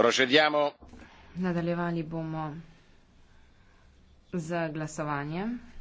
procediamo nadaljevali bomo z glasovanjem.